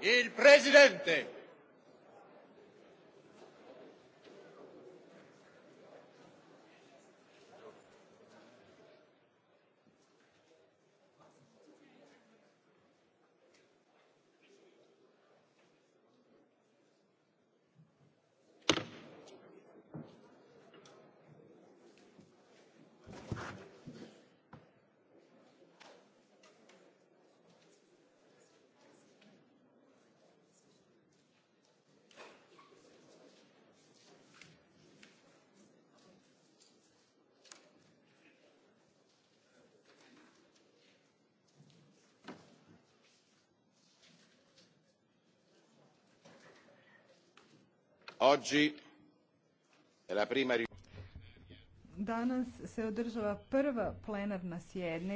Il presidente Danas se održava prva plenarna sjednica